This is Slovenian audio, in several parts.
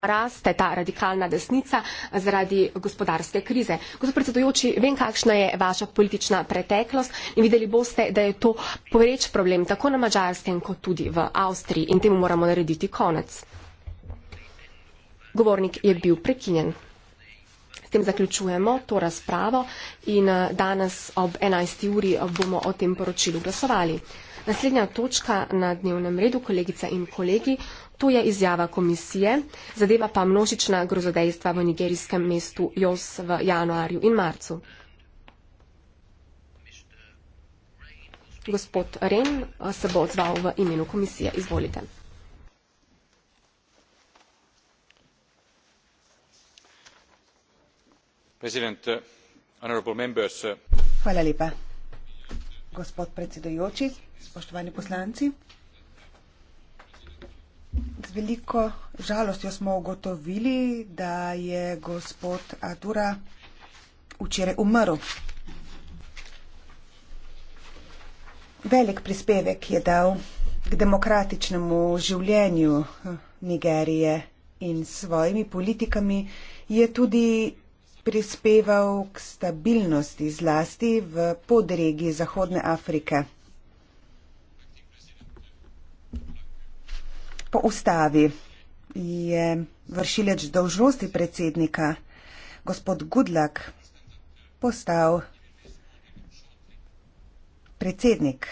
raste ta radikalna desnica zaradi gospodarske krize. Gospod predsedujoči, vem, kakšna je vaša politična preteklost in videli boste, da je to poveč problem tako na Mačarskem, kot tudi v Avstriji in temu moramo narediti konec. Govornik je bil prekinjen. S tem zaključujemo to razpravo in eh, danes ob 11. uri bomo o tem poročilu glasovali. Naslednja točka na dnevnem redu, kolegica in kolegi, To je izjava komisije, zadeva pa množična grozodejstva v nigerijskem mestu Jos v januarju in marcu. Gospod Ren eh, se bo odzval v imenu komisije. Izvolite. Eh, eh. Hvala lepa. Gospod predsedujoči, spoštovani poslanci veliko žalostjo smo ugotovili, da je gospod Adura včeraj umrl. Velik prispevek je dal k demokratičnemu življenju hm, Nigerije in s svojimi politikami je tudi prispeval k stabilnosti zlasti v podregi Zahodne Afrike. Po ustavi je vršilec dolžnosti predsednika, gospod Gudlak, postal predsednik.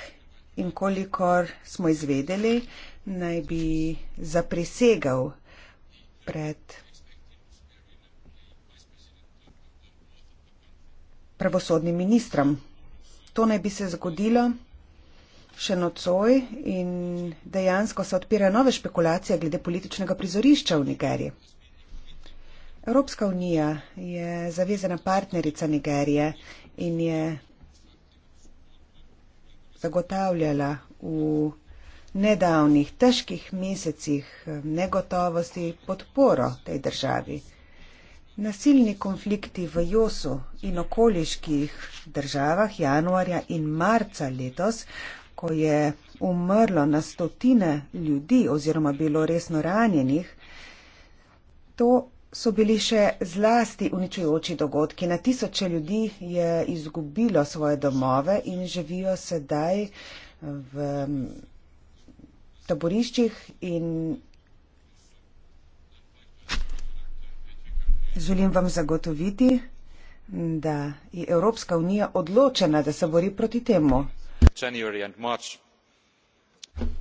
In kolikor smo izvedeli, naj bi zaprisegal pred pravosodnim ministrom. To naj bi se zgodilo še nocoj in dejansko se odpirajo nove špekulacije glede političnega prizorišča v Nigeriji. Evropska unija je zavezana partnerica Nigerije in je zagotavljala v nedavnih težkih mesecih negotovosti podporo tej državi. Nasilni konflikti v Josu in okoliških državah januarja in marca letos ko je umrlo na stotine ljudi oziroma bilo resno ranjenih, to so bili še zlasti uničujoči dogodki. Na tisoče ljudi je izgubilo svoje domove in živijo sedaj v mm, taboriščih in želim vam zagotoviti, da je Evropska unija odločena, da se bori proti temu.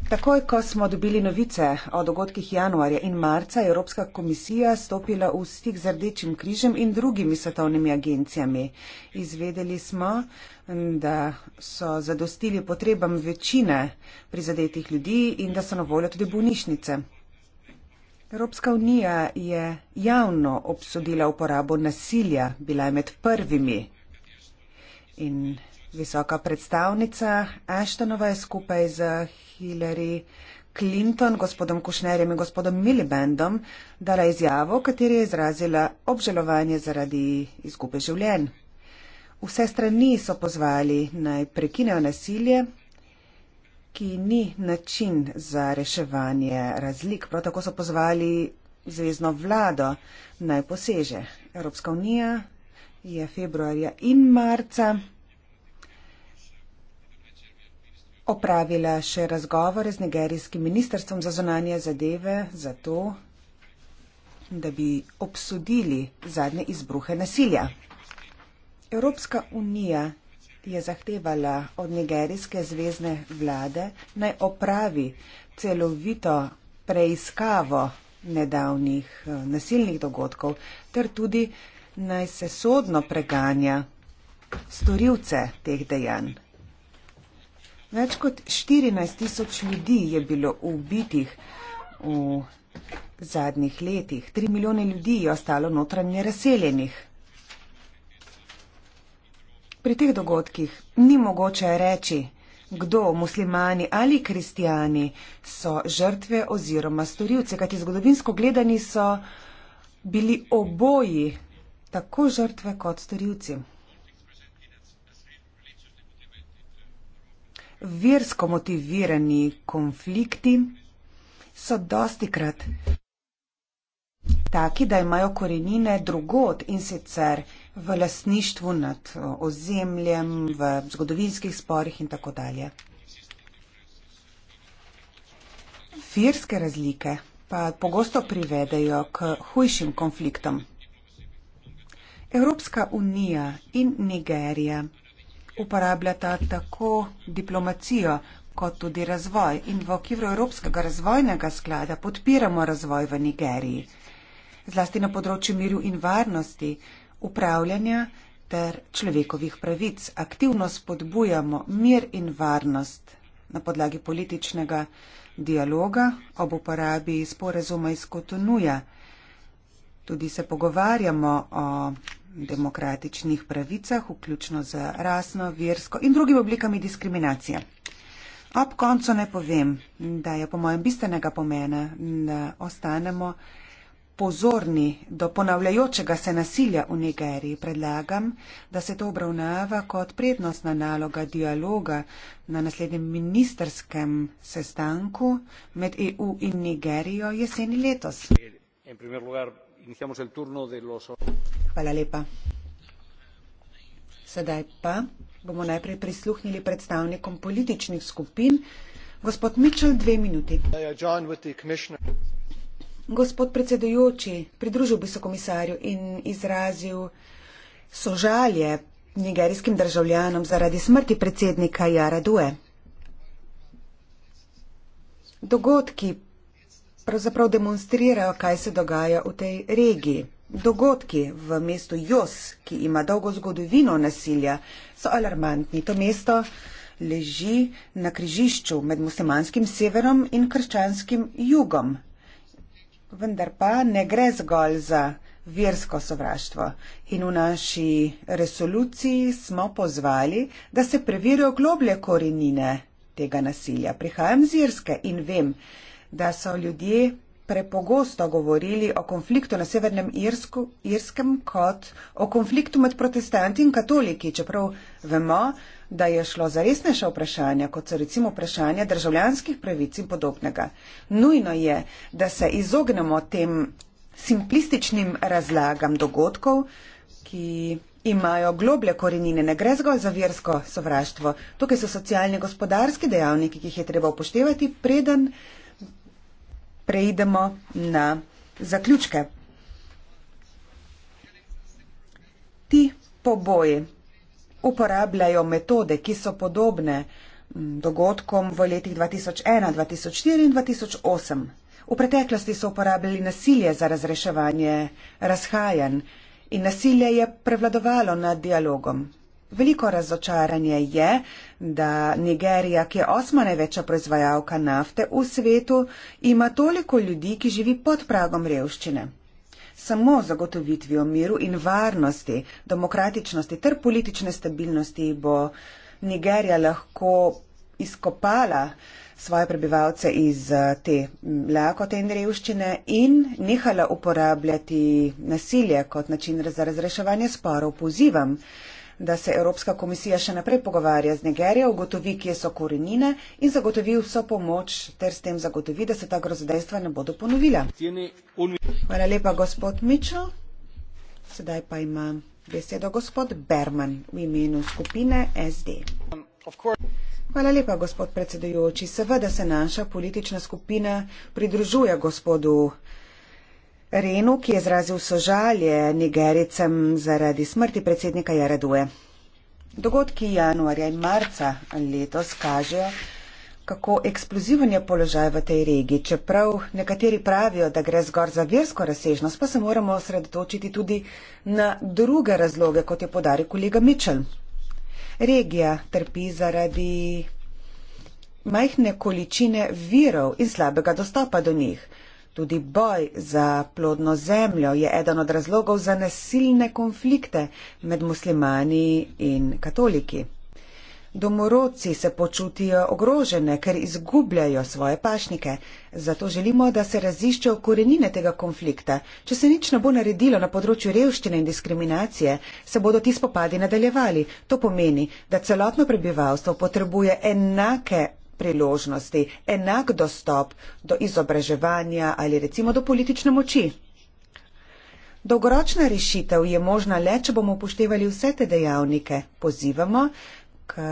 Takoj, ko smo dobili novice o dogodkih januarja in marca, je Evropska komisija stopila v stik z Rdečim križem in drugimi svetovnimi agencijami. Izvedeli smo, da so zadostili potrebam večine prizadetih ljudi in da so na voljo tudi bolnišnice. Evropska unija je javno obsodila uporabo nasilja, bila je med prvimi. In Visoka predstavnica Ashtonova je skupaj z Hillary Clinton, gospodom Kušnerjem in gospodom Milibendom dala izjavo, v kateri je izrazila obžalovanje zaradi izgube življenj. Vse strani so pozvali naj prekinejo nasilje, ki ni način za reševanje razlik. Prav tako so pozvali zvezdno vlado naj poseže. Evropska unija je februarja in marca opravila še razgovore z nigerijskim ministrstvom za zonanje zadeve za to, da bi obsodili zadnje izbruhe nasilja. Evropska unija je zahtevala od nigerijske zvezdne vlade naj opravi celovito preiskavo nedavnih eh, nasilnih dogodkov ter tudi naj se sodno preganja storilce teh dejanj. Več kot 14 tisoč ljudi je bilo ubitih v zadnjih letih. Tri milijone ljudi je ostalo notranje razseljenih. Pri teh dogodkih ni mogoče reči, kdo, muslimani ali kristijani, so žrtve oziroma storilce, kajti zgodovinsko gledani so bili oboji tako žrtve kot storilci. versko motivirani konflikti so dosti krat taki, da imajo korenine drugot in sicer v lasništvu nad ozemljem, v zgodovinskih sporih in tako dalje. Firske razlike pa pogosto privedejo k hujšim konfliktom. Evropska unija in Nigerija uporabljata tako diplomacijo kot tudi razvoj. In v okviru Evropskega razvojnega sklada podpiramo razvoj v Nigeriji, zlasti na področju miru in varnosti, upravljanja ter človekovih pravic. Aktivno spodbujamo mir in varnost na podlagi političnega dialoga ob uporabi sporezuma iz Kotonuja. Tudi se pogovarjamo o demokratičnih pravicah, vključno z rasno, versko in drugimi oblikami diskriminacije. Ob koncu ne povem, da je po mojem bistvenega pomena, da ostanemo pozorni do ponavljajočega se nasilja v Nigeriji. Predlagam, da se to obravnava kot prednostna naloga dialoga na naslednjem ministerskem sestanku med EU in Nigerijo jeseni letos. In primer lugar, iniciamos el turno de los... Hvala lepa. Sedaj pa bomo najprej prisluhnili predstavnikom političnih skupin. Gospod Mitchell, dve minuti. Gospod predsedujoči, pridružil bi se komisarju in izrazil sožalje nigerijskim državljanom zaradi smrti predsednika Jara Due. Dogodki pravzaprav demonstrirajo, kaj se dogaja v tej regiji. Dogodki v mestu Jos, ki ima dolgo zgodovino nasilja, so alarmantni. To mesto leži na križišču med muslimanskim severom in krščanskim jugom. Vendar pa ne gre zgolj za versko sovraštvo. In v naši resoluciji smo pozvali, da se preverijo globlje korenine tega nasilja. Prihajam z Irske in vem, da so ljudje prepogosto govorili o konfliktu na Severnem Irsku, Irskem kot o konfliktu med protestanti in katoliki, čeprav vemo, da je šlo za resnejša vprašanja, kot so recimo vprašanja državljanskih pravic in podobnega. Nujno je, da se izognemo tem simplističnim razlagam dogodkov, ki imajo globlje korenine, ne gre zgolj za versko sovraštvo. Tukaj so socialni gospodarski dejavniki, ki jih je treba upoštevati, preden preidemo na zaključke. Ti poboji uporabljajo metode, ki so podobne mm, dogodkom v letih 2001, 2004 in 2008. V preteklosti so uporabljali nasilje za razreševanje razhajanj in nasilje je prevladovalo nad dialogom. Veliko razočaranje je, da Nigerija, ki je osma največja proizvajalka nafte v svetu, ima toliko ljudi, ki živi pod pragom revščine. Samo zagotovitvijo miru in varnosti, demokratičnosti ter politične stabilnosti bo Nigerija lahko izkopala svoje prebivalce iz eh, te lakote in revščine in nehala uporabljati nasilje kot način za razreševanje sporov. Pozivam da se Evropska komisija še naprej pogovarja z Nigerijo, ugotovi, kje so korenine in zagotovi vso pomoč ter s tem zagotovi, da se ta grozodejstva ne bodo ponovila. Hvala lepa, gospod Mičel. Sedaj pa ima besedo gospod Berman v imenu skupine SD. Hvala lepa, gospod predsedujoči. Seveda se naša politična skupina pridružuje gospodu. Renu, ki je izrazil sožalje Nigericem zaradi smrti predsednika Jareduje. Dogodki januarja in marca letos kažejo, kako eksplozivan je položaj v tej regiji. Čeprav nekateri pravijo, da gre zgor za versko razsežnost, pa se moramo osredotočiti tudi na druge razloge, kot je podaril kolega Mičel. Regija trpi zaradi majhne količine virov in slabega dostopa do njih. Tudi boj za plodno zemljo je eden od razlogov za nasilne konflikte med muslimani in katoliki. Domorodci se počutijo ogrožene, ker izgubljajo svoje pašnike. Zato želimo, da se raziščejo korenine tega konflikta. Če se nič ne bo naredilo na področju revščine in diskriminacije, se bodo ti spopadi nadaljevali. To pomeni, da celotno prebivalstvo potrebuje enake priložnosti, enak dostop do izobraževanja ali recimo do politične moči. Dolgoročna rešitev je možna le, če bomo upoštevali vse te dejavnike. Pozivamo k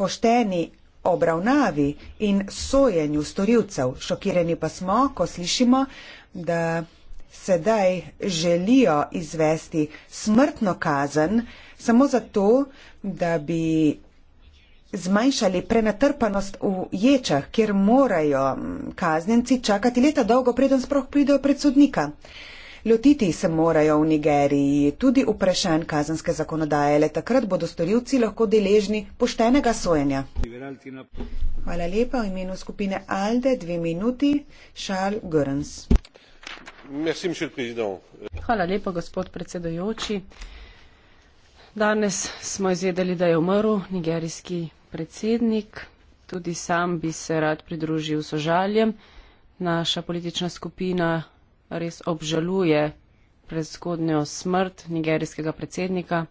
pošteni obravnavi in sojenju storilcev. Šokirani pa smo, ko slišimo, da sedaj želijo izvesti smrtno kazen samo zato, da bi zmanjšali prenatrpanost v ječah, kjer morajo kaznjenci čakati leta dolgo, preden sploh pridejo pred sodnika. Lotiti se morajo v Nigeriji tudi vprašanj kazenske zakonodaje, le takrat bodo storilci lahko deležni poštenega sojenja. Hvala lepa v imenu skupine Alde, dve minuti, Šal Görns. Hvala lepa, gospod predsedojoči. Danes smo izvedeli, da je umrl nigerijski predsednik. Tudi sam bi se rad pridružil sožaljem. Naša politična skupina res obžaluje predskodnjo smrt nigerijskega predsednika.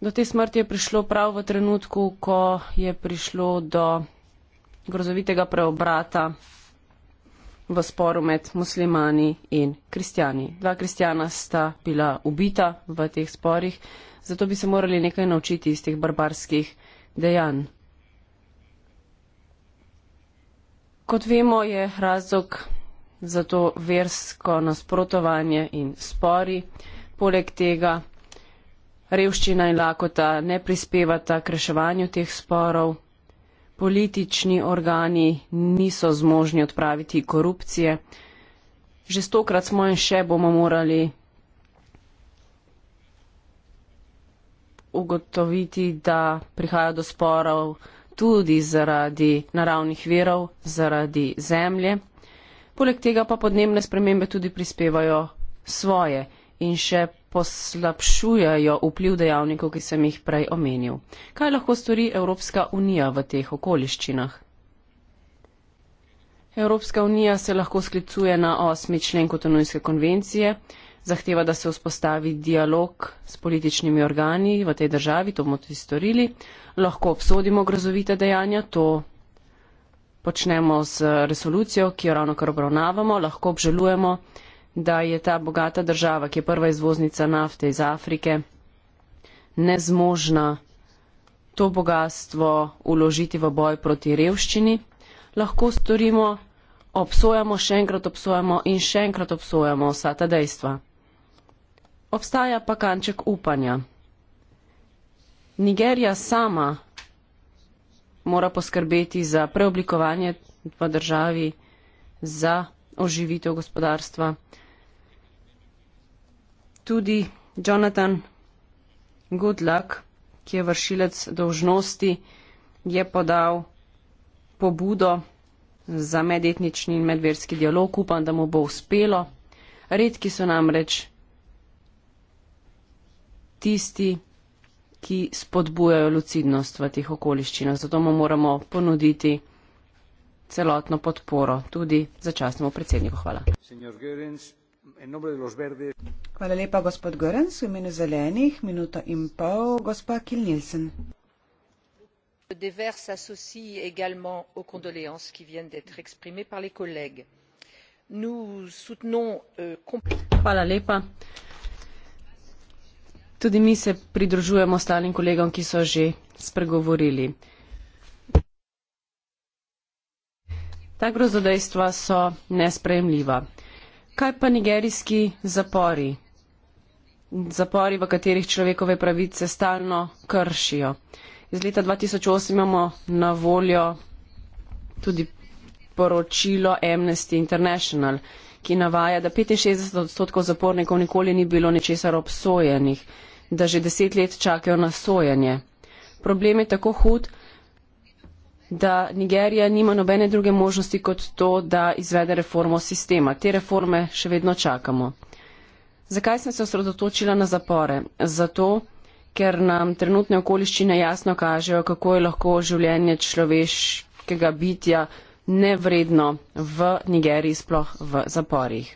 Do te smrti je prišlo prav v trenutku, ko je prišlo do grozovitega preobrata v sporu med muslimani in kristijani. Dva kristijana sta bila ubita v teh sporih, zato bi se morali nekaj naučiti iz teh barbarskih dejanj. Kot vemo, je razlog za to versko nasprotovanje in spori. Poleg tega revščina in lakota ne prispevata k reševanju teh sporov politični organi niso zmožni odpraviti korupcije. Že stokrat smo in še bomo morali ugotoviti, da prihaja do sporov tudi zaradi naravnih verov, zaradi zemlje. Poleg tega pa podnebne spremembe tudi prispevajo svoje in še poslabšujejo vpliv dejavnikov, ki sem jih prej omenil. Kaj lahko stori Evropska unija v teh okoliščinah? Evropska unija se lahko sklicuje na osmi člen Kotonujske konvencije, zahteva, da se vzpostavi dialog s političnimi organi v tej državi, to bomo tudi storili, lahko obsodimo grozovite dejanja, to počnemo z resolucijo, ki jo ravno kar obravnavamo, lahko obžalujemo da je ta bogata država, ki je prva izvoznica nafte iz Afrike, nezmožna to bogatstvo uložiti v boj proti revščini, lahko storimo, obsojamo, še enkrat obsojamo in še enkrat obsojamo vsa ta dejstva. Obstaja pa kanček upanja. Nigerija sama mora poskrbeti za preoblikovanje v državi, za oživitev gospodarstva. Tudi Jonathan Goodluck, ki je vršilec dožnosti, je podal pobudo za medetnični in medverski dialog. Upam, da mu bo uspelo. Redki so namreč tisti, ki spodbujajo lucidnost v teh okoliščinah. Zato mu moramo ponuditi celotno podporo tudi začasnemu predsedniku. Hvala. Hvala lepa, gospod Görens, v imenu zelenih, minuto in pol, gospa Kil Nielsen. Euh, Hvala lepa. Tudi mi se pridružujemo ostalim kolegom, ki so že spregovorili. Ta grozodejstva so nespremljiva. Kaj pa nigerijski zapori? Zapori, v katerih človekove pravice stalno kršijo. Iz leta 2008 imamo na voljo tudi poročilo Amnesty International, ki navaja, da 65 odstotkov zapornikov nikoli ni bilo nečesar obsojenih, da že deset let čakajo na sojenje. Problem je tako hud, da Nigerija nima nobene druge možnosti kot to, da izvede reformo sistema. Te reforme še vedno čakamo. Zakaj sem se osredotočila na zapore? Zato, ker nam trenutne okoliščine jasno kažejo, kako je lahko življenje človeškega bitja nevredno v Nigeriji, sploh v zaporih.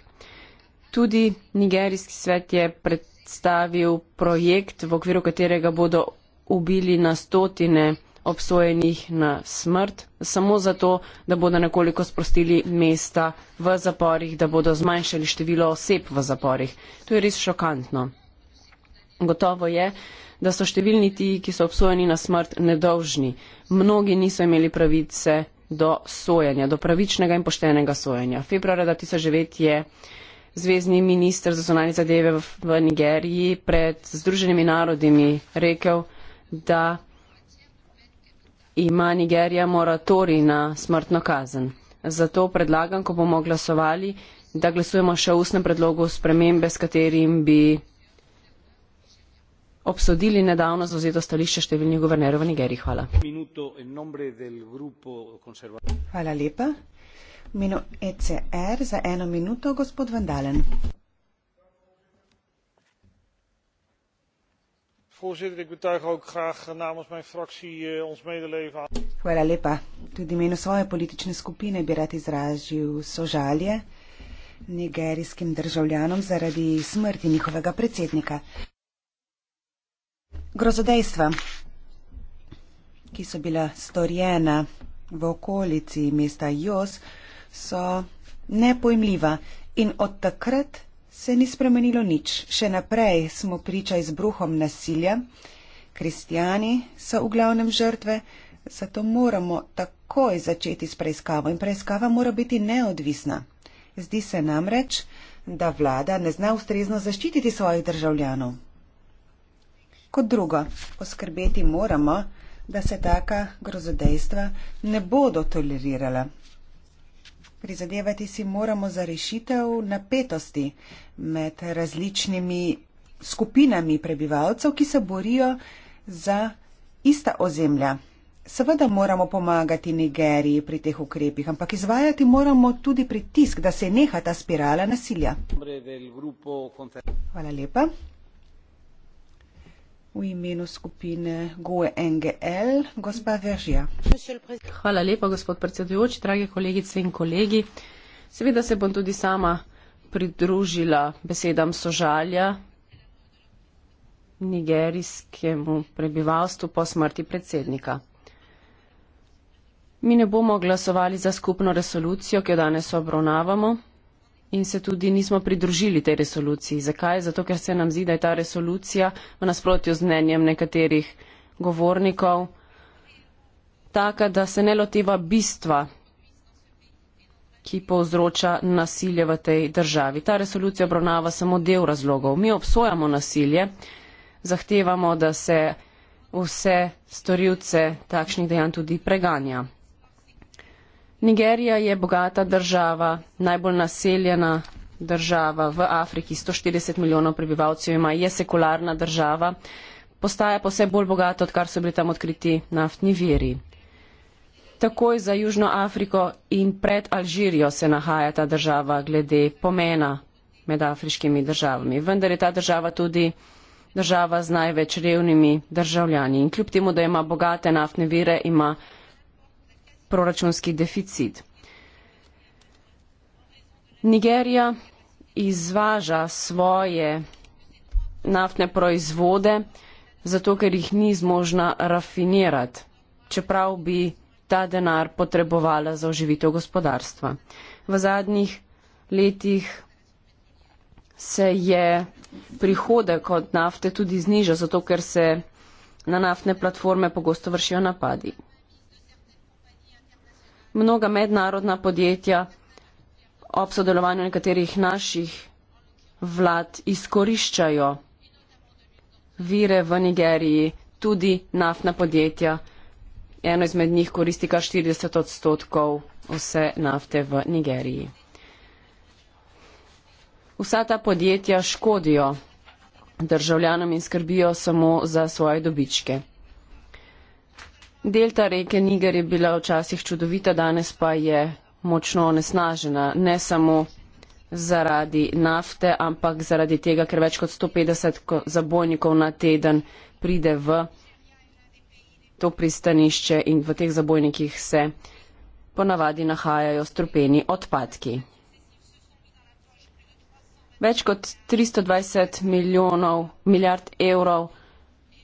Tudi Nigerijski svet je predstavil projekt, v okviru katerega bodo ubili na stotine obsojenih na smrt, samo zato, da bodo nekoliko sprostili mesta v zaporih, da bodo zmanjšali število oseb v zaporih. To je res šokantno. Gotovo je, da so številni ti, ki so obsojeni na smrt, nedolžni. Mnogi niso imeli pravice do sojenja, do pravičnega in poštenega sojenja. Februarja 2009 je zvezdni minister za zonanje zadeve v, v Nigeriji pred Združenimi narodimi rekel, da ima Nigerija moratori na smrtno kazen. Zato predlagam, ko bomo glasovali, da glasujemo še ustne predlogu spremembe, s katerim bi obsodili nedavno zauzeto stališče številnih guvernerov v Nigeriji. Hvala. Hvala lepa. Minu ECR za eno minuto, gospod Vandalen. voorzitter ik betuig ook graag eh, namens mijn fractie uh, ons medeleven aan. Hvala lepa. Tudi meni svoje politične skupine bi rad izrazil sožalje nigerijskim državljanom zaradi smrti njihovega predsednika. Grozodejstva, ki so bila storjena v okolici mesta Jos, so nepojmljiva in od takrat se ni spremenilo nič. Še naprej smo priča izbruhom nasilja. Kristijani so v glavnem žrtve, zato moramo takoj začeti s preiskavo in preiskava mora biti neodvisna. Zdi se namreč, da vlada ne zna ustrezno zaščititi svojih državljanov. Kot drugo, poskrbeti moramo, da se taka grozodejstva ne bodo tolerirala. Prizadevati si moramo za rešitev napetosti med različnimi skupinami prebivalcev, ki se borijo za ista ozemlja. Seveda moramo pomagati Nigeriji pri teh ukrepih, ampak izvajati moramo tudi pritisk, da se neha ta spirala nasilja. Hvala lepa. V imenu skupine Goe NGL, gospa Veržija. Hvala lepa, gospod predsedujoči, drage kolegice in kolegi. Seveda se bom tudi sama pridružila besedam sožalja nigerijskemu prebivalstvu po smrti predsednika. Mi ne bomo glasovali za skupno resolucijo, ki jo danes obravnavamo, in se tudi nismo pridružili tej resoluciji. Zakaj? Zato, ker se nam zdi, da je ta resolucija v nasprotju z mnenjem nekaterih govornikov taka, da se ne loteva bistva, ki povzroča nasilje v tej državi. Ta resolucija obravnava samo del razlogov. Mi obsojamo nasilje, zahtevamo, da se vse storilce takšnih dejanj tudi preganja. Nigerija je bogata država, najbolj naseljena država v Afriki, 140 milijonov prebivalcev ima, je sekularna država, postaja pa vse bolj bogata, odkar so bili tam odkriti naftni viri. Takoj za Južno Afriko in pred Alžirijo se nahaja ta država glede pomena med afriškimi državami. Vendar je ta država tudi država z največ revnimi državljani. In kljub temu, da ima bogate naftne vire, ima proračunski deficit. Nigerija izvaža svoje naftne proizvode, zato ker jih ni zmožna rafinirati, čeprav bi ta denar potrebovala za oživitev gospodarstva. V zadnjih letih se je prihodek od nafte tudi znižal, zato ker se na naftne platforme pogosto vršijo napadi mnoga mednarodna podjetja ob sodelovanju nekaterih naših vlad izkoriščajo vire v Nigeriji, tudi naftna podjetja. Eno izmed njih koristi kar 40 odstotkov vse nafte v Nigeriji. Vsa ta podjetja škodijo državljanom in skrbijo samo za svoje dobičke. Delta reke Niger je bila včasih čudovita, danes pa je močno onesnažena. Ne samo zaradi nafte, ampak zaradi tega, ker več kot 150 zabojnikov na teden pride v to pristanišče in v teh zabojnikih se ponavadi nahajajo strupeni odpadki. Več kot 320 milijonov, milijard evrov,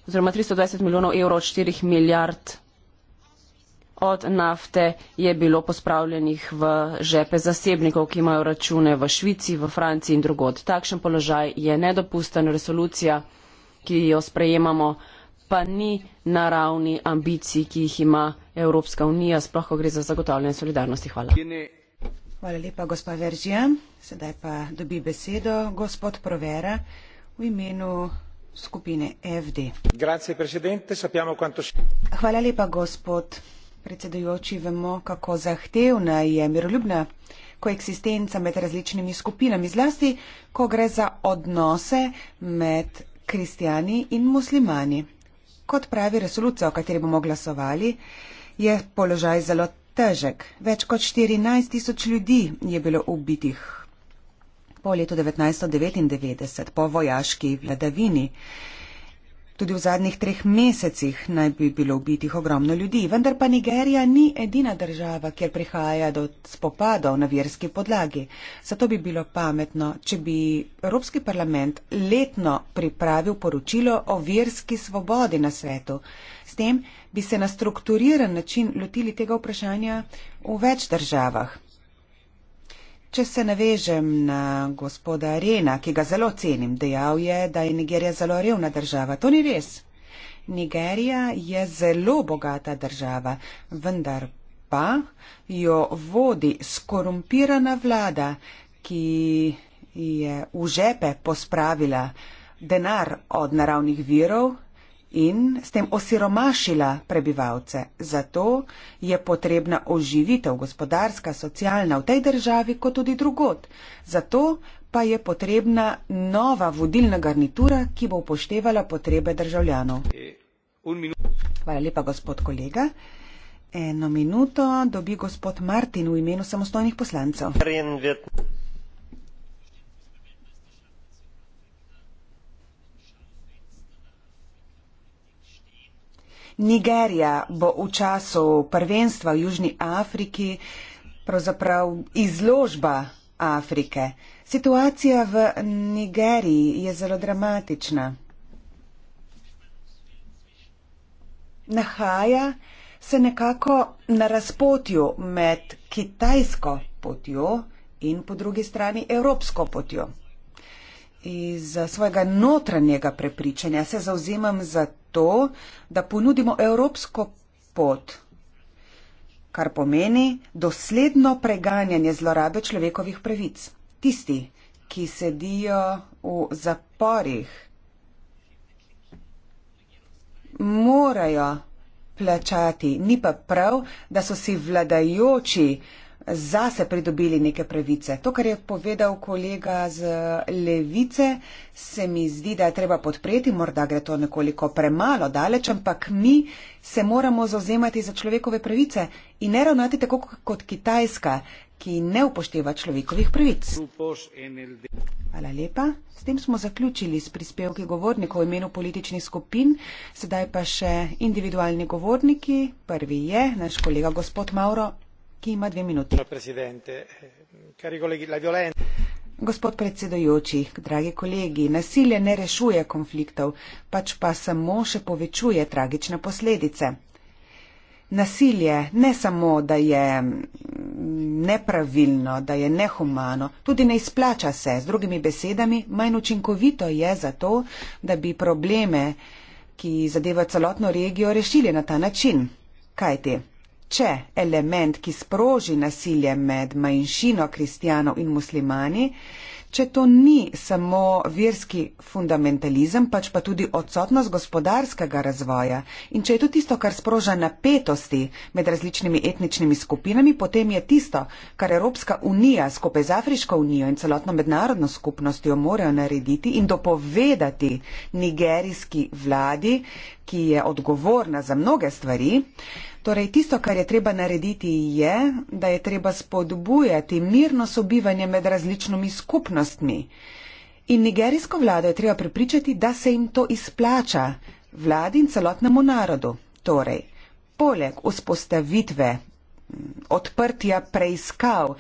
oziroma 320 milijonov evrov od 4 milijard evrov od nafte je bilo pospravljenih v žepe zasebnikov, ki imajo račune v Švici, v Franciji in drugod. Takšen položaj je nedopusten. Resolucija, ki jo sprejemamo, pa ni na ravni ambicij, ki jih ima Evropska unija, sploh ko gre za zagotavljanje solidarnosti. Hvala. Hvala lepa, gospa Veržija. Sedaj pa dobi besedo gospod Provera v imenu skupine FD. Hvala lepa, gospod predsedujoči, vemo, kako zahtevna je miroljubna koeksistenca med različnimi skupinami, zlasti, ko gre za odnose med kristijani in muslimani. Kot pravi resolucija, o kateri bomo glasovali, je položaj zelo težek. Več kot 14 tisoč ljudi je bilo ubitih po letu 1999, po vojaški vladavini. Tudi v zadnjih treh mesecih naj bi bilo ubitih ogromno ljudi, vendar pa Nigerija ni edina država, kjer prihaja do spopadov na verski podlagi. Zato bi bilo pametno, če bi Evropski parlament letno pripravil poročilo o verski svobodi na svetu. S tem bi se na strukturiran način lotili tega vprašanja v več državah. Če se navežem na gospoda Rena, ki ga zelo cenim, dejal je, da je Nigerija zelo revna država. To ni res. Nigerija je zelo bogata država, vendar pa jo vodi skorumpirana vlada, ki je v žepe pospravila denar od naravnih virov in s tem osiromašila prebivalce. Zato je potrebna oživitev gospodarska, socialna v tej državi kot tudi drugot. Zato pa je potrebna nova vodilna garnitura, ki bo upoštevala potrebe državljanov. Hvala lepa, gospod kolega. Eno minuto dobi gospod Martin v imenu samostojnih poslancev. Nigerija bo v času prvenstva v Južni Afriki pravzaprav izložba Afrike. Situacija v Nigeriji je zelo dramatična. Nahaja se nekako na razpotju med kitajsko potjo in po drugi strani evropsko potjo. Iz eh, svojega notranjega prepričanja se zauzemam za to, da ponudimo evropsko pot, kar pomeni dosledno preganjanje zlorabe človekovih pravic. Tisti, ki sedijo v zaporih, morajo plačati. Ni pa prav, da so si vladajoči zase pridobili neke pravice. To, kar je povedal kolega z levice, se mi zdi, da je treba podpreti, morda gre to nekoliko premalo daleč, ampak mi se moramo zauzemati za človekove pravice in ne ravnati tako kot Kitajska, ki ne upošteva človekovih pravic. Hvala lepa. S tem smo zaključili s prispevki govornikov v imenu političnih skupin, sedaj pa še individualni govorniki. Prvi je naš kolega gospod Mauro gospod predsedujoči dragi kolegi nasilje ne rešuje konfliktov pač pa samo še povečuje tragične posledice nasilje ne samo da je mm, nepravilno da je nehumano tudi ne izplača se z drugimi besedami manj učinkovito je zato da bi probleme ki zadeva celotno regijo rešili na ta način kajti Če element, ki sproži nasilje med manjšino kristijanov in muslimani, če to ni samo verski fundamentalizem, pač pa tudi odsotnost gospodarskega razvoja in če je to tisto, kar sproža napetosti med različnimi etničnimi skupinami, potem je tisto, kar Evropska unija skupaj z Afriško unijo in celotno mednarodno skupnostjo morajo narediti in dopovedati nigerijski vladi, ki je odgovorna za mnoge stvari. Torej, tisto, kar je treba narediti, je, da je treba spodbujati mirno sobivanje med različnimi skupnostmi. In nigerijsko vlado je treba prepričati, da se jim to izplača, vladi in celotnemu narodu. Torej, poleg vzpostavitve mm, odprtja preiskav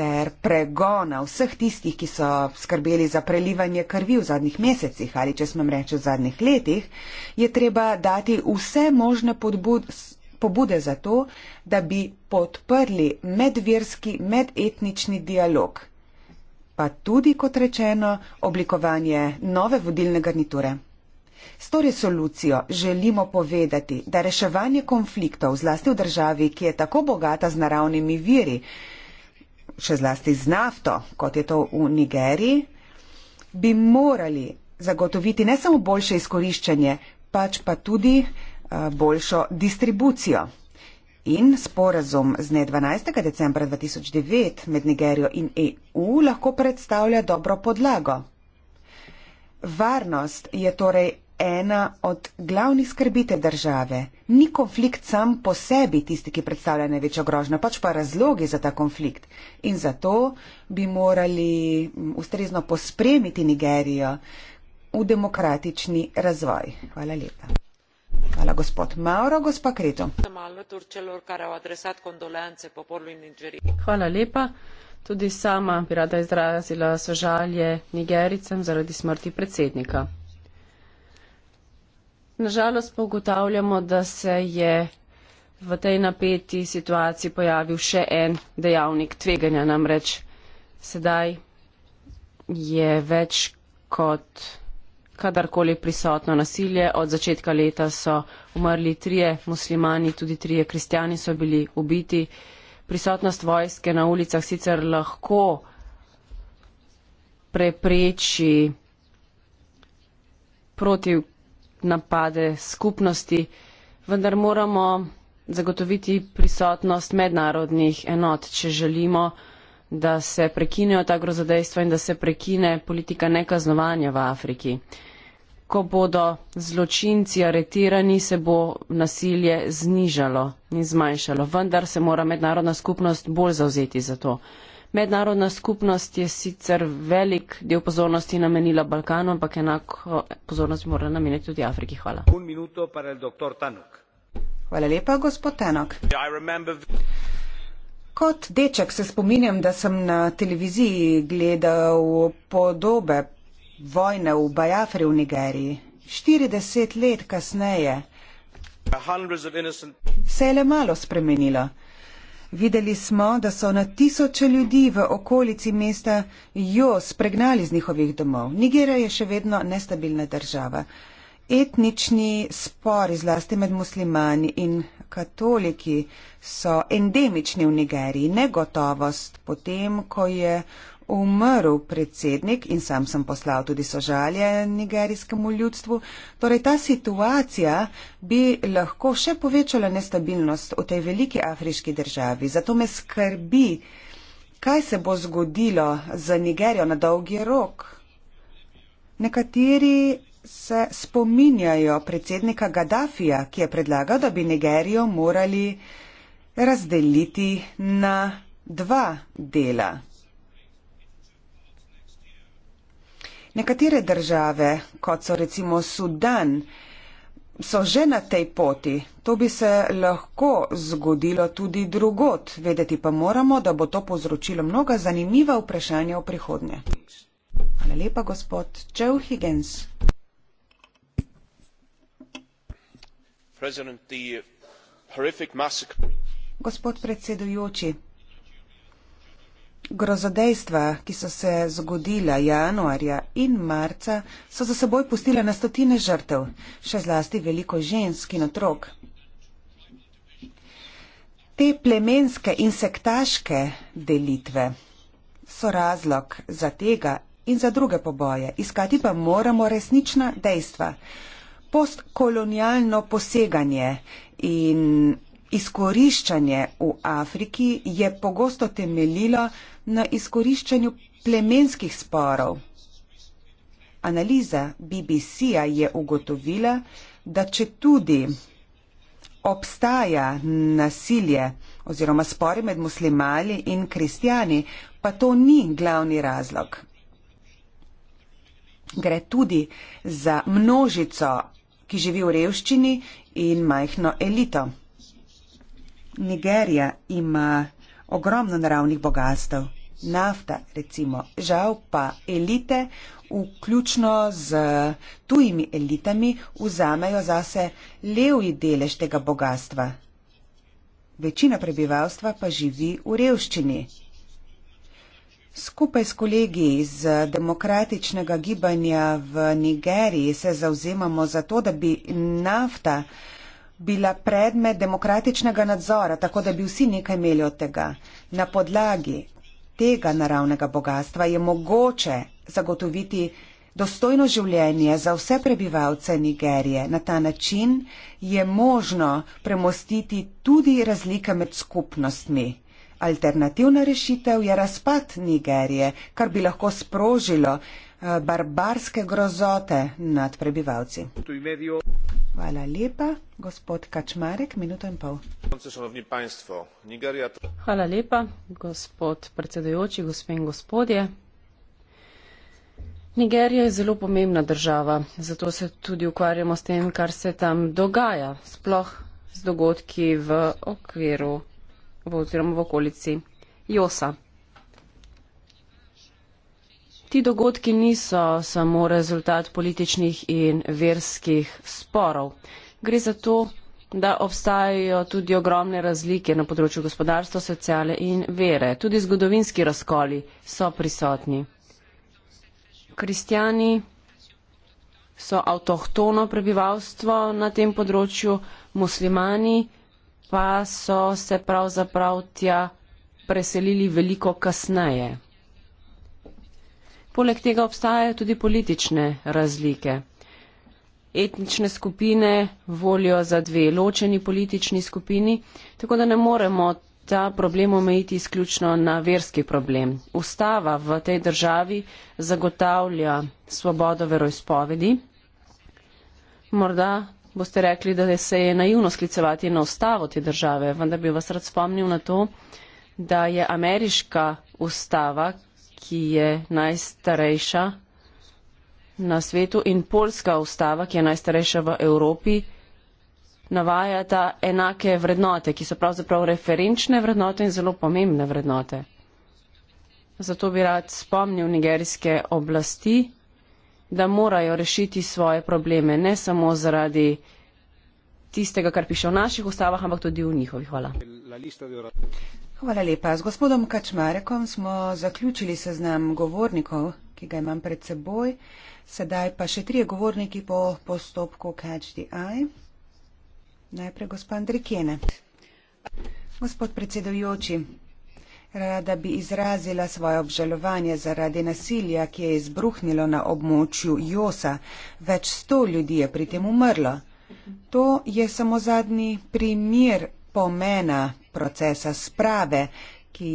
ter pregona vseh tistih, ki so skrbeli za prelivanje krvi v zadnjih mesecih ali, če smem reči, v zadnjih letih, je treba dati vse možne podbude pobude za to, da bi podprli medverski, medetnični dialog, pa tudi, kot rečeno, oblikovanje nove vodilne garniture. S to resolucijo želimo povedati, da reševanje konfliktov, zlasti v državi, ki je tako bogata z naravnimi viri, še zlasti z nafto, kot je to v Nigeriji, bi morali zagotoviti ne samo boljše izkoriščanje, pač pa tudi Eh, boljšo distribucijo. In sporazum z dne 12. decembra 2009 med Nigerijo in EU lahko predstavlja dobro podlago. Varnost je torej ena od glavnih skrbite države. Ni konflikt sam po sebi tisti, ki predstavlja največjo grožnjo, pač pa razlogi za ta konflikt. In zato bi morali mm, ustrezno pospremiti Nigerijo v demokratični razvoj. Hvala lepa hvala gospod mauro gospa kreto hvala lepa tudi sama bi rada izrazila sožalje nigericem zaradi smrti predsednika nažalost pa ugotavljamo da se je v tej napeti situaciji pojavil še en dejavnik tveganja namreč sedaj je več kot kadarkoli prisotno nasilje. Od začetka leta so umrli trije muslimani, tudi trije kristijani so bili ubiti. Prisotnost vojske na ulicah sicer lahko prepreči protiv napade skupnosti, vendar moramo zagotoviti prisotnost mednarodnih enot, če želimo da se prekinejo ta grozodejstva in da se prekine politika nekaznovanja v Afriki. Ko bodo zločinci aretirani, se bo nasilje znižalo in zmanjšalo, vendar se mora mednarodna skupnost bolj zauzeti za to. Mednarodna skupnost je sicer velik del pozornosti namenila Balkanu, ampak enako pozornost mora nameniti tudi Afriki. Hvala. Hvala lepa, gospod Tanok. Kot deček se spominjam, da sem na televiziji gledal podobe vojne v Bajafri v Nigeriji. 40 let kasneje se je le malo spremenilo. Videli smo, da so na tisoče ljudi v okolici mesta Jo spregnali z njihovih domov. Nigerija je še vedno nestabilna država. Etnični spori, zlasti med muslimani in katoliki, so endemični v Nigeriji. Negotovost potem, ko je umrl predsednik in sam sem poslal tudi sožalje nigerijskemu ljudstvu. Torej ta situacija bi lahko še povečala nestabilnost v tej veliki afriški državi. Zato me skrbi, kaj se bo zgodilo za Nigerijo na dolgi rok. Nekateri se spominjajo predsednika Gaddafija, ki je predlagal, da bi Nigerijo morali razdeliti na dva dela. Nekatere države, kot so recimo Sudan, so že na tej poti. To bi se lahko zgodilo tudi drugot. Vedeti pa moramo, da bo to povzročilo mnoga zanimiva vprašanja v prihodnje. Hvala lepa, gospod Čevhigens. Gospod predsedujoči, grozodejstva, ki so se zgodila januarja in marca, so za seboj pustila na stotine žrtev, še zlasti veliko žensk in otrok. Te plemenske in sektaške delitve so razlog za tega in za druge poboje. Iskati pa moramo resnična dejstva postkolonijalno poseganje in izkoriščanje v Afriki je pogosto temeljilo na izkoriščanju plemenskih sporov. Analiza BBC-ja je ugotovila, da če tudi obstaja nasilje oziroma spore med muslimani in kristijani, pa to ni glavni razlog. Gre tudi za množico ki živi v revščini in majhno elito. Nigerija ima ogromno naravnih bogastev, nafta recimo, žal pa elite, vključno z tujimi elitami, vzamejo zase levji delež tega bogastva. Večina prebivalstva pa živi v revščini. Skupaj s kolegi iz demokratičnega gibanja v Nigeriji se zauzemamo za to, da bi nafta bila predmet demokratičnega nadzora, tako da bi vsi nekaj imeli od tega. Na podlagi tega naravnega bogatstva je mogoče zagotoviti dostojno življenje za vse prebivalce Nigerije. Na ta način je možno premostiti tudi razlike med skupnostmi. Alternativna rešitev je razpad Nigerije, kar bi lahko sprožilo eh, barbarske grozote nad prebivalci. Hvala lepa, gospod Kačmarek, minuto in pol. Hvala lepa, gospod predsedujoči, gospe in gospodje. Nigerija je zelo pomembna država, zato se tudi ukvarjamo s tem, kar se tam dogaja, sploh z dogodki v okviru v, oziroma v okolici Josa. Ti dogodki niso samo rezultat političnih in verskih sporov. Gre za to, da obstajajo tudi ogromne razlike na področju gospodarstva, sociale in vere. Tudi zgodovinski razkoli so prisotni. Kristijani so avtohtono prebivalstvo na tem področju, muslimani pa so se pravzaprav tja preselili veliko kasneje. Poleg tega obstajajo tudi politične razlike. Etnične skupine volijo za dve ločeni politični skupini, tako da ne moremo ta problem omejiti izključno na verski problem. Ustava v tej državi zagotavlja svobodo veroizpovedi. Morda boste rekli, da se je naivno sklicevati na ustavo te države, vendar bi vas rad spomnil na to, da je ameriška ustava, ki je najstarejša na svetu in polska ustava, ki je najstarejša v Evropi, navajata enake vrednote, ki so pravzaprav referenčne vrednote in zelo pomembne vrednote. Zato bi rad spomnil nigerijske oblasti, da morajo rešiti svoje probleme, ne samo zaradi tistega, kar piše v naših ustavah, ampak tudi v njihovih. Hvala. Hvala lepa. Z gospodom Kačmarekom smo zaključili seznam govornikov, ki ga imam pred seboj. Sedaj pa še trije govorniki po postopku Catch the Eye. Najprej gospod Andrikene. Gospod predsedujoči, Rada bi izrazila svoje obžalovanje zaradi nasilja, ki je izbruhnilo na območju Josa. Več sto ljudi je pri tem umrlo. To je samo zadnji primer pomena procesa sprave, ki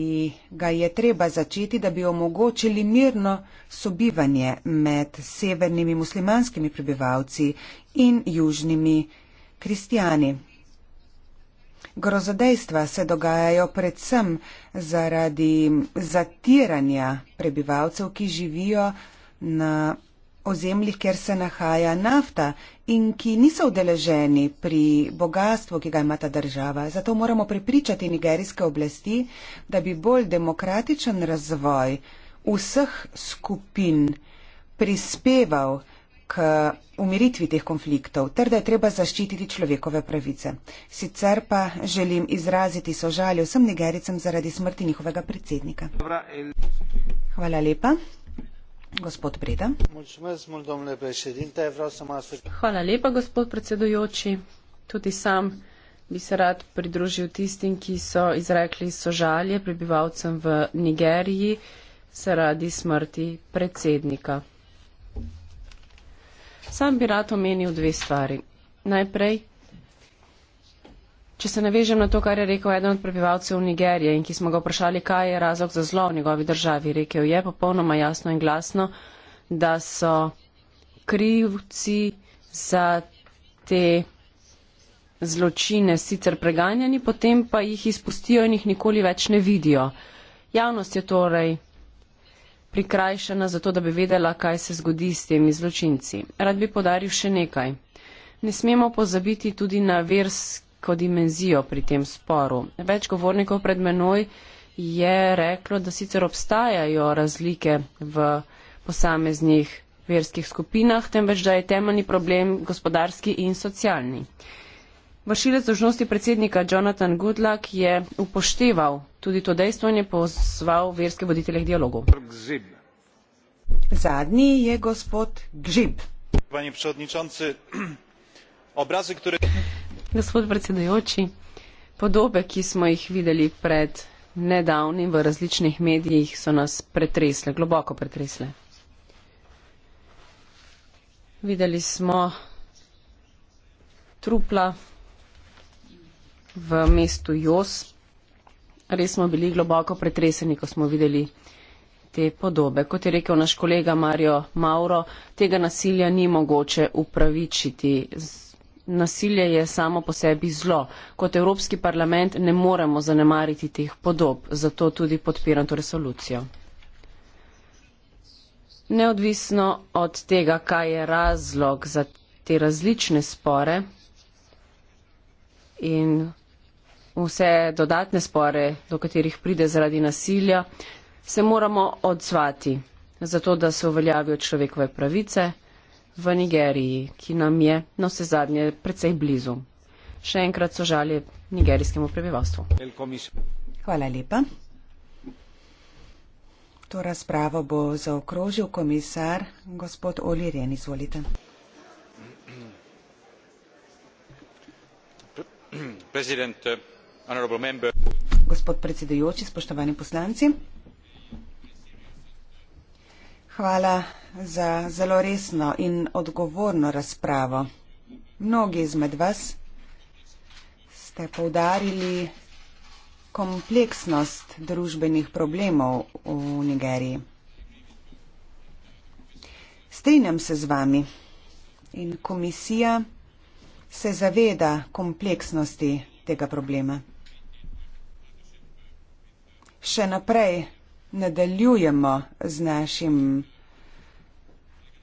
ga je treba začeti, da bi omogočili mirno sobivanje med severnimi muslimanskimi prebivalci in južnimi kristijani. Grozodejstva se dogajajo predvsem zaradi zatiranja prebivalcev, ki živijo na ozemljih, kjer se nahaja nafta in ki niso udeleženi pri bogatstvu, ki ga ima ta država. Zato moramo prepričati nigerijske oblasti, da bi bolj demokratičen razvoj vseh skupin prispeval k umiritvi teh konfliktov, ter da je treba zaščititi človekove pravice. Sicer pa želim izraziti sožalje vsem nigericam zaradi smrti njihovega predsednika. Hvala lepa. Gospod Breda. Hvala lepa, gospod predsedujoči. Tudi sam bi se rad pridružil tistim, ki so izrekli sožalje prebivalcem v Nigeriji zaradi smrti predsednika. Sam bi rad omenil dve stvari. Najprej, če se navežem na to, kar je rekel eden od prebivalcev Nigerije in ki smo ga vprašali, kaj je razlog za zlo v njegovi državi, rekel je popolnoma jasno in glasno, da so krivci za te zločine sicer preganjani, potem pa jih izpustijo in jih nikoli več ne vidijo. Javnost je torej prikrajšana zato, da bi vedela, kaj se zgodi s temi zločinci. Rad bi podaril še nekaj. Ne smemo pozabiti tudi na versko dimenzijo pri tem sporu. Več govornikov pred menoj je reklo, da sicer obstajajo razlike v posameznih verskih skupinah, temveč da je temeljni problem gospodarski in socialni. Vršilec dožnosti predsednika Jonathan Goodluck je upošteval tudi to dejstvo in je pozval verske voditelje k dialogu. Zadnji je gospod Gžib. Panie predsedujoči, obrazi, ki. Gospod predsedujoči, podobe, ki smo jih videli pred nedavnim v različnih medijih, so nas pretresle, globoko pretresle. Videli smo trupla v mestu Jos. Res smo bili globoko pretreseni, ko smo videli te podobe. Kot je rekel naš kolega Mario Mauro, tega nasilja ni mogoče upravičiti. Nasilje je samo po sebi zlo. Kot Evropski parlament ne moremo zanemariti teh podob, zato tudi podpiram to resolucijo. Neodvisno od tega, kaj je razlog za te različne spore in vse dodatne spore, do katerih pride zaradi nasilja, se moramo odzvati, zato da se uveljavijo človekove pravice v Nigeriji, ki nam je na no, vse zadnje precej blizu. Še enkrat so žalje nigerijskemu prebivalstvu. Hvala lepa. To razpravo bo zaokrožil komisar gospod Oli Ren. Izvolite. Predsednik, gospod predsedujoči spoštovani poslanci hvala za zelo resno in odgovorno razpravo mnogi izmed vas ste poudarili kompleksnost družbenih problemov v nigeriji strinjam se z vami in komisija se zaveda kompleksnosti tega problema še naprej nadaljujemo z našim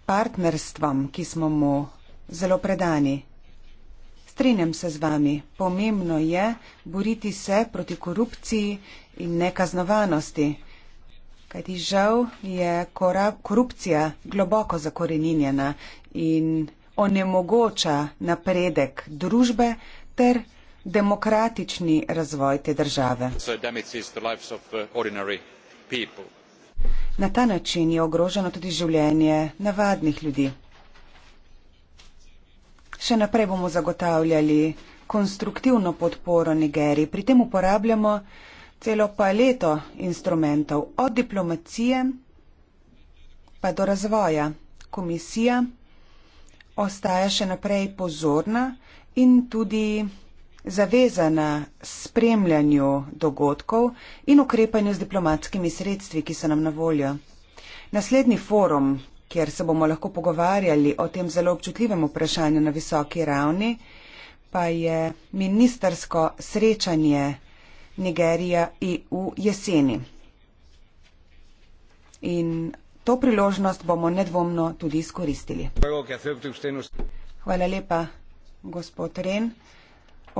partnerstvom, ki smo mu zelo predani. Strinjam se z vami, pomembno je boriti se proti korupciji in nekaznovanosti, kajti žal je korupcija globoko zakoreninjena in onemogoča napredek družbe ter demokratični razvoj te države. Uh, Na ta način je ogroženo tudi življenje navadnih ljudi. Še naprej bomo zagotavljali konstruktivno podporo Nigeriji. Pri tem uporabljamo celo paleto instrumentov od diplomacije pa do razvoja. Komisija ostaja še naprej pozorna in tudi zavezana spremljanju dogodkov in ukrepanju z diplomatskimi sredstvi, ki so nam na voljo. Naslednji forum, kjer se bomo lahko pogovarjali o tem zelo občutljivem vprašanju na visoki ravni, pa je ministersko srečanje Nigerija EU jeseni. In to priložnost bomo nedvomno tudi izkoristili. Hvala lepa, gospod Ren.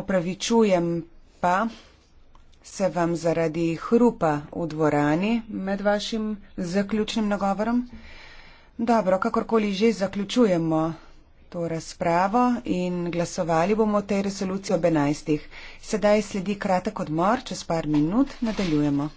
Opravičujem pa se vam zaradi hrupa v dvorani med vašim zaključnim nagovorom. Dobro, kakorkoli že zaključujemo to razpravo in glasovali bomo o tej resoluciji ob 11. Sedaj sledi kratek odmor, čez par minut nadaljujemo.